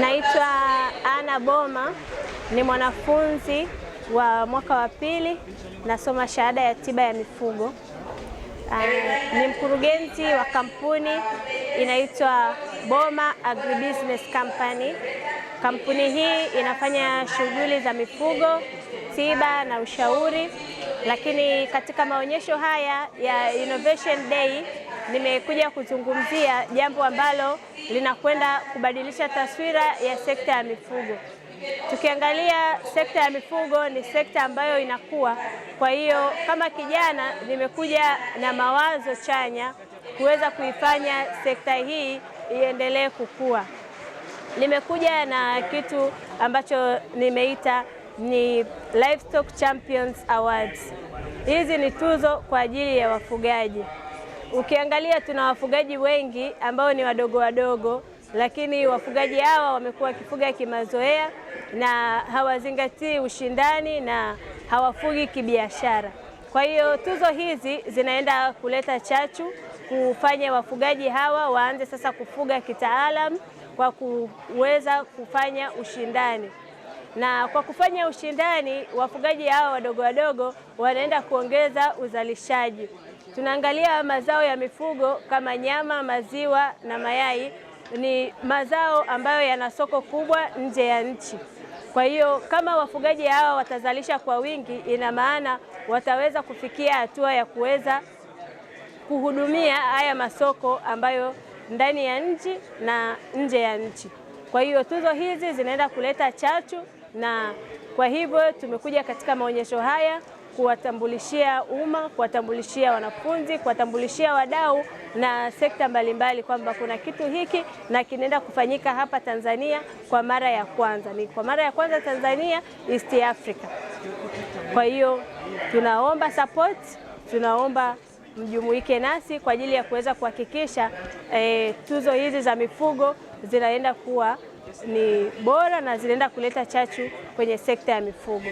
Naitwa Ana Boma, ni mwanafunzi wa mwaka wa pili, nasoma shahada ya tiba ya mifugo. Uh, ni mkurugenzi wa kampuni inaitwa Boma Agribusiness Company. Kampuni hii inafanya shughuli za mifugo, tiba na ushauri, lakini katika maonyesho haya ya Innovation Day nimekuja kuzungumzia jambo ambalo linakwenda kubadilisha taswira ya sekta ya mifugo. Tukiangalia sekta ya mifugo ni sekta ambayo inakuwa. Kwa hiyo kama kijana nimekuja na mawazo chanya kuweza kuifanya sekta hii iendelee kukua. Nimekuja na kitu ambacho nimeita ni Livestock Champions Awards. Hizi ni tuzo kwa ajili ya wafugaji. Ukiangalia tuna wafugaji wengi ambao ni wadogo wadogo, lakini wafugaji hawa wamekuwa wakifuga kimazoea na hawazingatii ushindani na hawafugi kibiashara. Kwa hiyo tuzo hizi zinaenda kuleta chachu kufanya wafugaji hawa waanze sasa kufuga kitaalam kwa kuweza kufanya ushindani, na kwa kufanya ushindani wafugaji hawa wadogo wadogo wanaenda kuongeza uzalishaji. Tunaangalia mazao ya mifugo kama nyama, maziwa na mayai ni mazao ambayo yana soko kubwa nje ya nchi. Kwa hiyo kama wafugaji hawa watazalisha kwa wingi, ina maana wataweza kufikia hatua ya kuweza kuhudumia haya masoko ambayo ndani ya nchi na nje ya nchi. Kwa hiyo tuzo hizi zinaenda kuleta chachu na kwa hivyo tumekuja katika maonyesho haya kuwatambulishia umma, kuwatambulishia wanafunzi, kuwatambulishia wadau na sekta mbalimbali kwamba kuna kitu hiki na kinaenda kufanyika hapa Tanzania kwa mara ya kwanza. Ni kwa mara ya kwanza Tanzania, East Africa. Kwa hiyo tunaomba support, tunaomba mjumuike nasi kwa ajili ya kuweza kuhakikisha eh, tuzo hizi za mifugo zinaenda kuwa ni bora na zinaenda kuleta chachu kwenye sekta ya mifugo.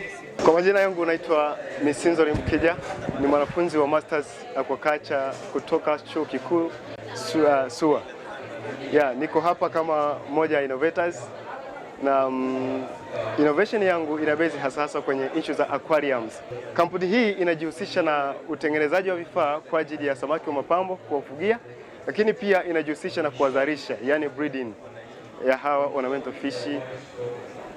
Kwa majina yangu naitwa Misinzori Mkija, ni mwanafunzi wa masters aquaculture kutoka chuo kikuu SUA, uh, SUA. Yeah, niko hapa kama moja ya innovators na um, innovation yangu ina base hasa hasa kwenye issue za aquariums. Kampuni hii inajihusisha na utengenezaji wa vifaa kwa ajili ya samaki wa mapambo kuwafugia, lakini pia inajihusisha na kuwazalisha, yani breeding ya hawa ornamental fish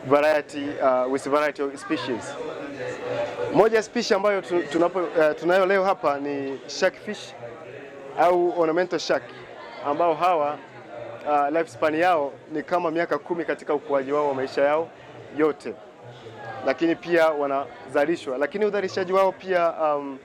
variety, uh, with variety of species. Moja spishi ambayo tunapo, uh, tunayo leo hapa ni shark fish au ornamental shark ambao hawa uh, lifespan yao ni kama miaka kumi katika ukuaji wao wa maisha yao yote, lakini pia wanazalishwa, lakini udhalishaji wao pia um,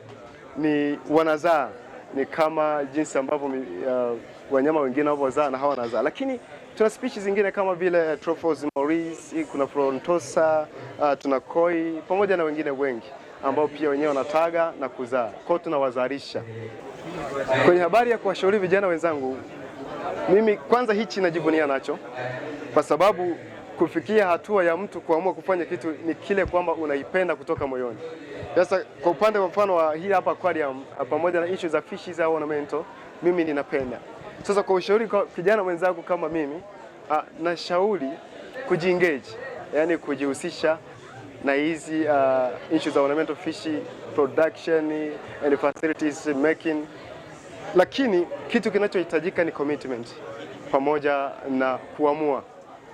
ni wanazaa, ni kama jinsi ambavyo uh, wanyama wengine wanavyozaa na hawa wanazaa, lakini tuna species zingine kama vile eh, Trophos maurice, kuna Frontosa, uh, tuna koi pamoja na wengine wengi ambao pia wenyewe wanataga na kuzaa kwao, tunawazalisha. Kwenye habari ya kuwashauri vijana wenzangu, mimi kwanza hichi najivunia nacho kwa sababu kufikia hatua ya mtu kuamua kufanya kitu ni kile kwamba unaipenda kutoka moyoni. Sasa kwa upande wa mfano wa hii hapa aquarium pamoja na issue za fishes au ornamental, mimi ninapenda sasa kwa ushauri kwa kijana mwenzangu kama mimi a, ah, nashauri kujiengage, yani kujihusisha na hizi uh, issues za ornamental fish production and facilities making, lakini kitu kinachohitajika ni commitment pamoja na kuamua.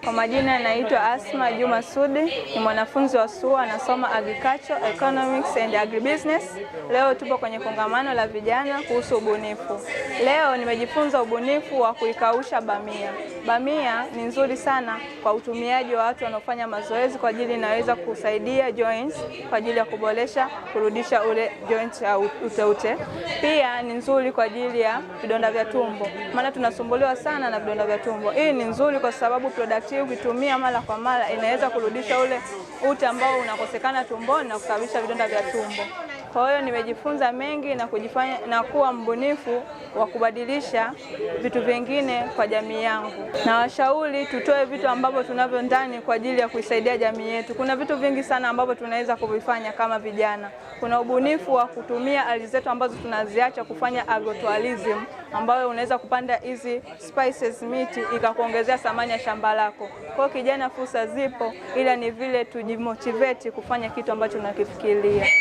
Kwa majina anaitwa Asma Juma Sudi, ni mwanafunzi wa SUA anasoma Agriculture, Economics and Agribusiness. Leo tupo kwenye kongamano la vijana kuhusu ubunifu. Leo nimejifunza ubunifu wa kuikausha bamia. Bamia ni nzuri sana kwa utumiaji wa watu wanaofanya mazoezi, kwa ajili inaweza kusaidia joints kwa ajili ya kuboresha kurudisha ule joint ya uteute. Pia ni nzuri kwa ajili ya vidonda vya tumbo, maana tunasumbuliwa sana na vidonda vya tumbo. Hii ni nzuri kwa sababu product tea ukitumia mara kwa mara inaweza kurudisha ule ute ambao unakosekana tumboni na kusababisha vidonda vya tumbo. Kwa hiyo nimejifunza mengi na kujifanya na kuwa mbunifu wa kubadilisha vitu vingine kwa jamii yangu. Na washauri tutoe vitu ambavyo tunavyo ndani kwa ajili ya kuisaidia jamii yetu. Kuna vitu vingi sana ambavyo tunaweza kuvifanya kama vijana. Kuna ubunifu wa kutumia ardhi zetu ambazo tunaziacha kufanya agrotourism ambayo unaweza kupanda hizi spices miti ikakuongezea thamani ya shamba lako. Kwa hiyo kijana, fursa zipo, ila ni vile tujimotivate kufanya kitu ambacho tunakifikiria.